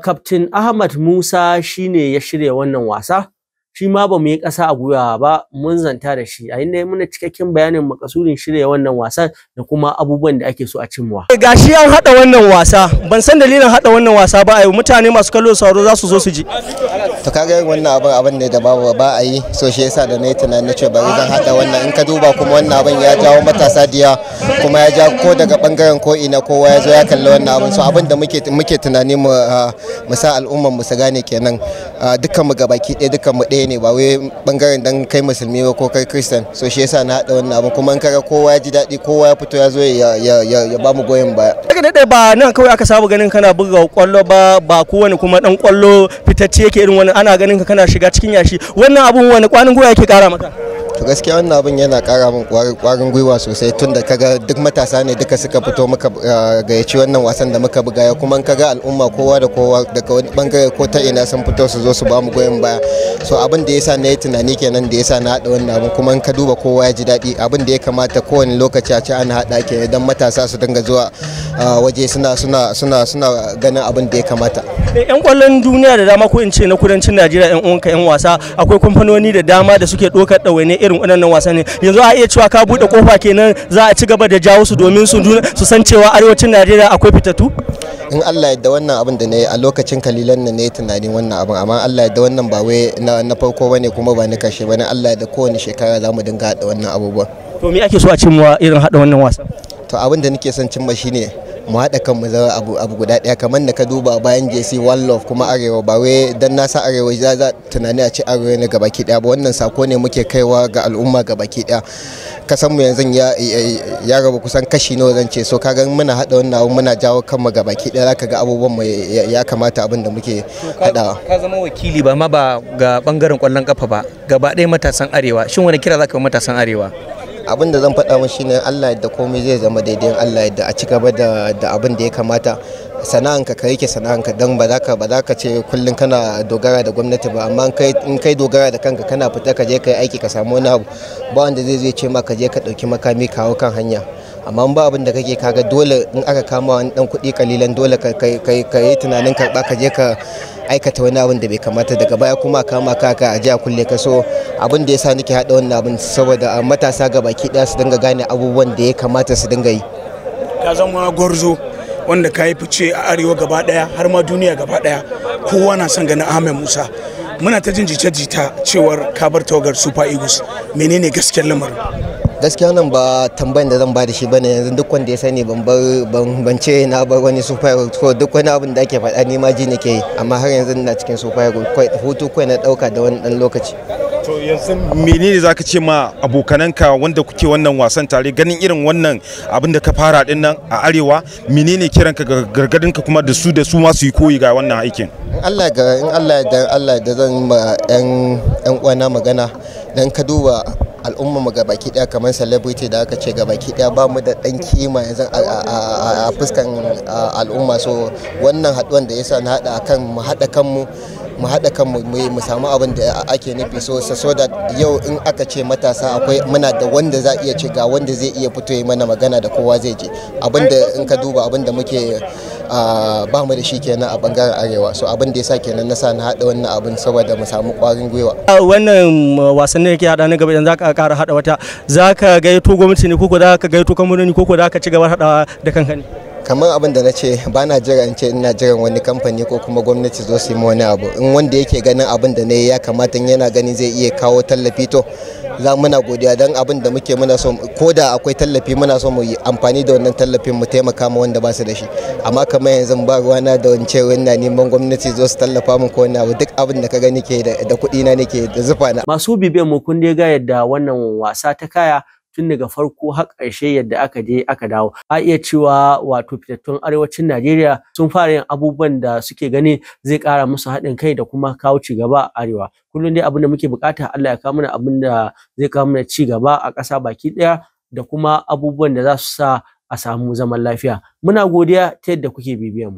Kaftin uh, Ahmad Musa shine ya shirya wannan wasa shi ma ba mu yi ƙasa a gwiwa ba mun zanta da shi a inda muna cikakken bayanin makasudin shirya wannan wasan da kuma abubuwan da ake so a ga gashi an haɗa wannan wasa ban san dalilin haɗa wannan wasa ba a mutane masu kallo sauro za su zo su ji. to kaga wannan abin abin ne da babu ba a yi so shi yasa da na yi tunanin ba bari zan haɗa wannan in ka duba kuma wannan abin ya jawo matasa diya kuma ya ja ko daga bangaren ko ina kowa ya zo ya kalli wannan abin so abin da muke muke tunani mu ah, sa al'umman mu su gane kenan ah, dukkan mu gabaki ɗaya dukkan mu ɗaya ne ba wai bangaren dan kai musulmi ba ko kai kristan so shi yasa na haɗa wannan abin kuma an kara kowa ya ji daɗi kowa ya fito ya zo ya ba mu goyon baya daga daɗe ba nan kawai aka samu ganin kana buga kwallo ba ba kowane kuma dan kwallo fitacce yake irin wannan ana ganin ka kana shiga cikin yashi wannan abun wani kwanin goya yake kara maka to gaskiya wannan abin yana kara min kwarin gwiwa sosai tun da kaga duk matasa ne duka suka fito muka eh, gayyaci wannan wasan da muka buga ya kuma kaga al'umma kowa da kowa daga wani bangare ko ta ina sun fito su zo su ba mu goyon baya so abin da yasa na yi tunani kenan da yasa na haɗa wannan abin kuma ka duba kowa ya ji daɗi abin da ya kamata kowane lokaci a ci ana haɗa ke don matasa su dinga zuwa eh, waje suna suna suna suna ganin abin da ya kamata yan eh, kwallon duniya da dama ko in ce na kudancin najeriya yan uwanka yan wasa akwai kamfanoni da dama da suke ɗaukar ɗawaine irin waɗannan wasanni yanzu a iya cewa ka buɗe kofa kenan za a ci gaba da jawo su domin su su san cewa arewacin Najeriya akwai fitattu in Allah yadda wannan abin da na yi a lokacin kalilan na ne tunanin wannan abin amma Allah yadda wannan ba wai na farko bane kuma ba ni kashe bane Allah yadda kowane shekara za mu dinga haɗa wannan abubuwa to me ake so a cimma irin haɗa wannan wasan to abin da nake son cimma shine mu haɗa kan mu zama abu guda ɗaya kamar da ka duba bayan JC One Love kuma Arewa ba wai dan na sa Arewa za za tunani a ce Arewa ne ga baki ɗaya ba wannan sako ne muke kaiwa ga al'umma ga baki ɗaya kasan mu yanzu ya ya rabu kusan kashi nawa zan ce so kaga muna haɗa wannan abu muna jawo kan mu baki ɗaya zaka ga abubuwan mu ya kamata abin da muke haɗawa ka zama wakili ba ma ba ga bangaren kwallon kafa ba gaba ɗaya matasan Arewa shin wani kira zaka yi matasan Arewa abin da zan faɗa mu shine Allah yadda komai zai zama daidai Allah yadda a ci gaba da abin da ya kamata sana'anka ka yake sana'anka don ba za ka ba za ka ce kullun kana dogara da gwamnati ba amma in kai dogara da kanka kana fita ka je ka yi aiki ka samu wani abu ba wanda zai zai ce maka je ka dauki makami kawo kan hanya amma ba abin da kake kaga dole in aka kama wani dan kuɗi kalilan dole ka yi tunanin karɓa ka je ka aikata wani abin da bai kamata daga baya kuma kama kaka a jiya kulle ka so abin da sa nake hada wannan abin saboda ah, matasa ga baki daya su dinga gane abubuwan da ya kamata su dinga yi ka zama gwarzo wanda ka yi fice a arewa gaba daya har ma duniya gaba daya kowa na son ganin Ahmed Musa muna ta jin jita-jita cewar kabar tawagar Super Eagles menene gaskiyar lamarin gaskiya nan ba tambayin da zan ba da shi bane yanzu duk wanda ya sani ban bar ban ce na bar wani super ko duk wani abin da ake faɗa ni ma ji nake amma har yanzu ina cikin super kai hutu kai na dauka da wani dan lokaci to yanzu menene zaka ce ma abokananka wanda kuke wannan wasan tare ganin irin wannan abin da ka fara din nan a arewa menene kiranka ka kuma da su da su ma su yi koyi ga wannan aikin in Allah ga in Allah da Allah da zan ma yan yan uwana magana dan ka duba al'umma mu gabaki daya kamar celebrity da aka ce gabaki daya ba mu da dan kima yanzu a fuskan al'umma so wannan haduwan da yasa na hada kan mu hada kanmu mu haɗa kan mu samu abin da ake nufi so so da yau in aka ce matasa akwai muna da wanda za iya ce ga wanda zai iya fito yi mana magana da kowa zai je abin in ka duba abinda muke ba mu da shi kenan a bangaren arewa so abin da yasa kenan na sa na haɗa wannan abin saboda mu samu ƙwarin gwiwa wannan um, wasannin da ke haɗa na gaba idan za ka ƙara haɗa wata za ka gaito gwamnati ne koko za ka gaito kamfanoni koko za ka ci gaba haɗawa da kanka ne kamar abin da na ce ba na jira in ce ina jiran wani kamfani ko kuma gwamnati zo su yi wani abu in wanda yake ganin abin da na yi ya kamata yana ganin zai iya kawo tallafi to za muna godiya don abin da muke muna so ko da akwai tallafi muna so mu amfani da wannan tallafin mu taimaka ma wanda ba su da shi amma kamar yanzu ba ruwana da wance na neman gwamnati zo su tallafa mu ko wani abu duk abin da ka gani ke da kuɗi na nake da zufa na. Masu bibiyan mu kun dai ga yadda wannan wasa ta kaya tun daga farko har ƙarshe yadda aka je aka dawo a iya cewa wato fitattun arewacin Najeriya sun fara yin abubuwan da suke gani zai kara musu haɗin kai da kuma kawo ci gaba a arewa kullum dai abin da muke bukata, Allah ya kawo mana abin da zai kawo mana ci gaba a ƙasa baki ɗaya da kuma abubuwan da za su sa a samu zaman lafiya muna godiya ta yadda kuke bibiyan mu